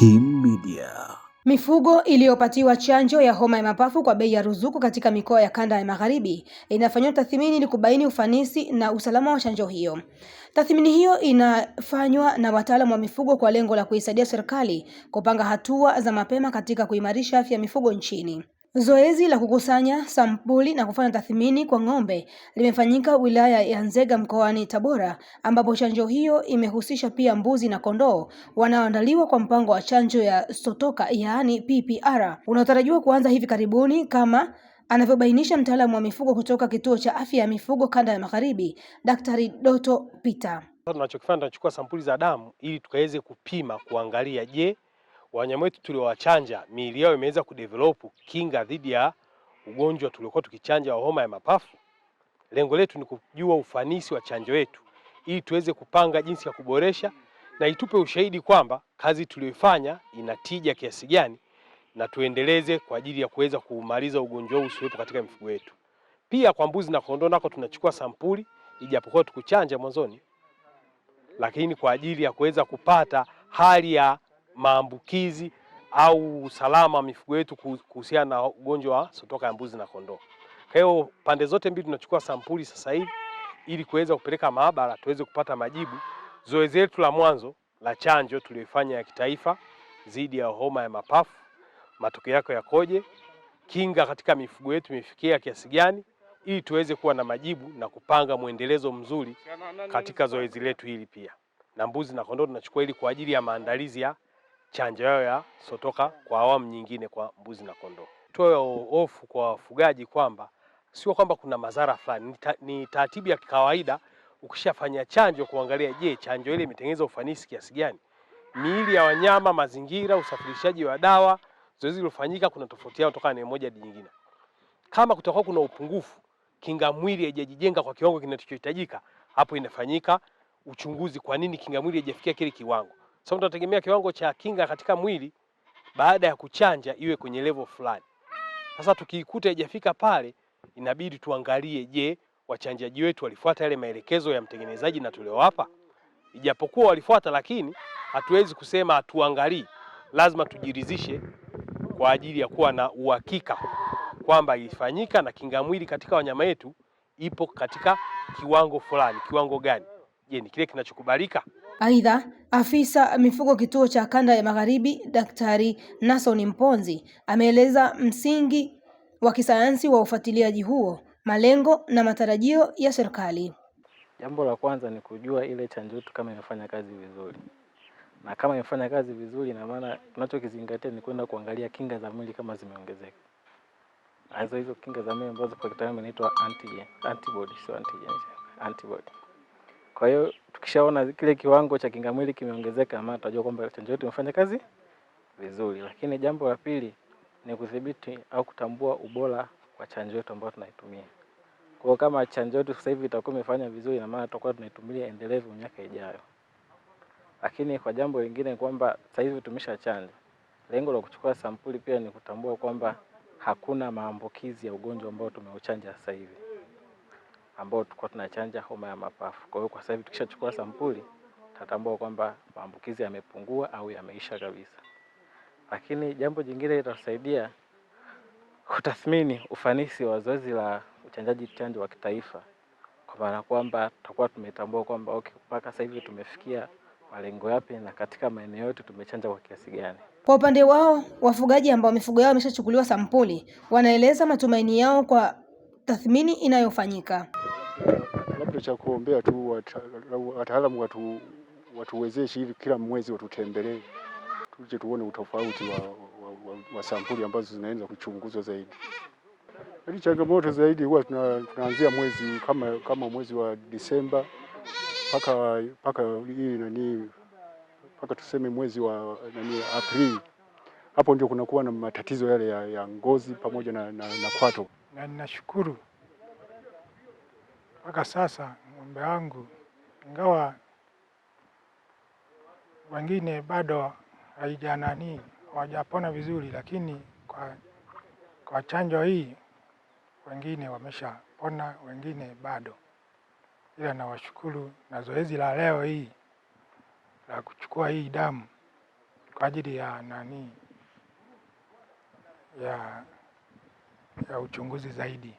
Kim Media. Mifugo iliyopatiwa chanjo ya homa ya mapafu kwa bei ya ruzuku katika mikoa ya kanda ya Magharibi inafanywa tathmini ili kubaini ufanisi na usalama wa chanjo hiyo. Tathmini hiyo inafanywa na wataalamu wa mifugo kwa lengo la kuisaidia serikali kupanga hatua za mapema katika kuimarisha afya ya mifugo nchini. Zoezi la kukusanya sampuli na kufanya tathmini kwa ng'ombe limefanyika wilaya ya Nzega mkoani Tabora, ambapo chanjo hiyo imehusisha pia mbuzi na kondoo wanaoandaliwa kwa mpango wa chanjo ya Sotoka yaani PPR unaotarajiwa kuanza hivi karibuni kama anavyobainisha mtaalamu wa mifugo kutoka Kituo cha Afya ya Mifugo Kanda ya Magharibi, Daktari Doto Peter. Tunachokifanya tunachukua sampuli za damu ili tukaweze kupima kuangalia, je, wanyama wetu tuliowachanja miili yao imeweza kudevelop kinga dhidi ya ugonjwa tuliokuwa tukichanja wa homa ya mapafu. Lengo letu ni kujua ufanisi wa chanjo yetu ili tuweze kupanga jinsi ya kuboresha na itupe ushahidi kwamba kazi tuliyoifanya ina tija kiasi gani, na tuendeleze kwa ajili ya kuweza kumaliza ugonjwa huu usiwepo katika mifugo yetu. Pia kwa mbuzi na kondoo nako tunachukua sampuli, ijapokuwa tukuchanja mwanzoni, lakini kwa ajili ya kuweza kupata hali ya maambukizi au usalama wa mifugo yetu kuhusiana na ugonjwa wa sotoka ya mbuzi na kondoo. Kwa hiyo pande zote mbili tunachukua sampuli sasa hivi ili kuweza kupeleka maabara tuweze kupata majibu. Zoezi letu la mwanzo la chanjo tuliyoifanya ya kitaifa dhidi ya homa ya mapafu, matokeo yako yakoje? Kinga katika mifugo yetu imefikia kiasi gani? Ili tuweze kuwa na majibu na kupanga mwendelezo mzuri katika zoezi letu hili pia, na mbuzi na kondoo tunachukua ili kwa ajili ya maandalizi ya chanjo yao ya sotoka kwa awamu nyingine kwa mbuzi na kondoo. Toa hofu kwa wafugaji kwamba sio kwamba kuna madhara fulani, ni taratibu ya kawaida. Ukishafanya chanjo kuangalia, je, chanjo ile imetengeneza ufanisi kiasi gani? Miili ya wanyama, mazingira, usafirishaji wa dawa, zoezi lilofanyika, kuna yao kutokana na moja hadi nyingine. Kama kutakuwa kuna upungufu, kinga mwili haijajijenga kwa kiwango kinachohitajika, hapo inafanyika uchunguzi, kwa nini kinga mwili haijafikia kile kiwango sababu tunategemea kiwango cha kinga katika mwili baada ya kuchanja iwe kwenye level fulani. Sasa tukiikuta haijafika pale, inabidi tuangalie, je, wachanjaji wetu walifuata yale maelekezo ya mtengenezaji na tuliowapa? Ijapokuwa walifuata, lakini hatuwezi kusema hatuangalii, lazima tujiridhishe kwa ajili ya kuwa na uhakika kwamba ilifanyika na kinga mwili katika wanyama wetu ipo katika kiwango fulani. Kiwango gani? Je, ni kile kinachokubalika? Aidha, afisa mifugo kituo cha kanda ya Magharibi, Daktari Nason Mponzi ameeleza msingi wa kisayansi wa ufuatiliaji huo, malengo na matarajio ya serikali. Jambo la kwanza ni kujua ile chanjo yetu kama imefanya kazi vizuri, na kama imefanya kazi vizuri, ina maana tunachokizingatia ni kwenda kuangalia kinga za mwili kama zimeongezeka, hizo hizo kinga za mwili ambazo kwa kitaalamu inaitwa antibody, sio antigen, antibody kwa hiyo tukishaona kile kiwango cha kinga mwili kimeongezeka, maana tutajua kwamba chanjo yetu imefanya kazi vizuri. Lakini jambo la pili ni kudhibiti au kutambua ubora wa chanjo yetu ambayo tunaitumia. Kwa kama chanjo yetu sasa hivi itakuwa imefanya vizuri, na maana tutakuwa tunaitumia endelevu miaka ijayo. Lakini kwa jambo lingine kwamba sasa hivi tumesha chanja, lengo la kuchukua sampuli pia ni kutambua kwamba hakuna maambukizi ya ugonjwa ambao tumeuchanja sasa hivi ambao tulikuwa tunachanja homa ya mapafu. Kwa hiyo kwa sasa hivi tukishachukua sampuli tatambua kwamba maambukizi yamepungua au yameisha kabisa. Lakini jambo jingine litasaidia kutathmini ufanisi wa zoezi la uchanjaji chanjo wa kitaifa, kwa maana kwamba tutakuwa tumetambua kwamba okay, mpaka sasa hivi tumefikia malengo yapi na katika maeneo yote tumechanja kwa kiasi gani. Kwa upande wao wafugaji ambao mifugo yao imeshachukuliwa sampuli wanaeleza matumaini yao kwa tathmini inayofanyika. Labda cha kuombea tu wataalamu watu watuwezeshe hivi, kila mwezi watutembelee, tuje tuone utofauti wa, wa, wa, wa sampuli ambazo zinaenza kuchunguzwa zaidi. Hadi yaani changamoto zaidi huwa tuna, tunaanzia mwezi kama, kama mwezi wa Disemba mpaka mpaka hii nani mpaka tuseme mwezi wa nani Aprili, hapo ndio kunakuwa na matatizo yale ya, ya ngozi pamoja na, na, na kwato na ninashukuru mpaka sasa ng'ombe wangu, ingawa wengine bado haijanani hawajapona vizuri, lakini kwa, kwa chanjo hii wengine wameshapona, wengine bado, ila nawashukuru. Na zoezi la leo hii la kuchukua hii damu kwa ajili ya nani ya ya uchunguzi zaidi,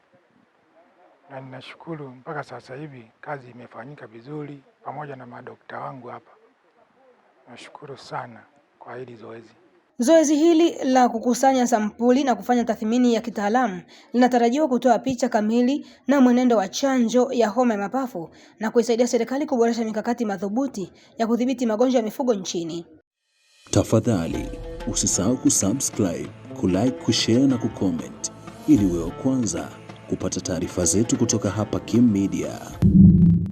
na ninashukuru mpaka sasa hivi kazi imefanyika vizuri, pamoja na madokta wangu hapa. Nashukuru sana kwa hili zoezi. Zoezi hili la kukusanya sampuli na kufanya tathmini ya kitaalamu linatarajiwa kutoa picha kamili na mwenendo wa chanjo ya homa ya mapafu na kuisaidia serikali kuboresha mikakati madhubuti ya kudhibiti magonjwa ya mifugo nchini. Tafadhali usisahau kusubscribe, kulike, kushare na kucomment ili wewe wa kwanza kupata taarifa zetu kutoka hapa Kim Media.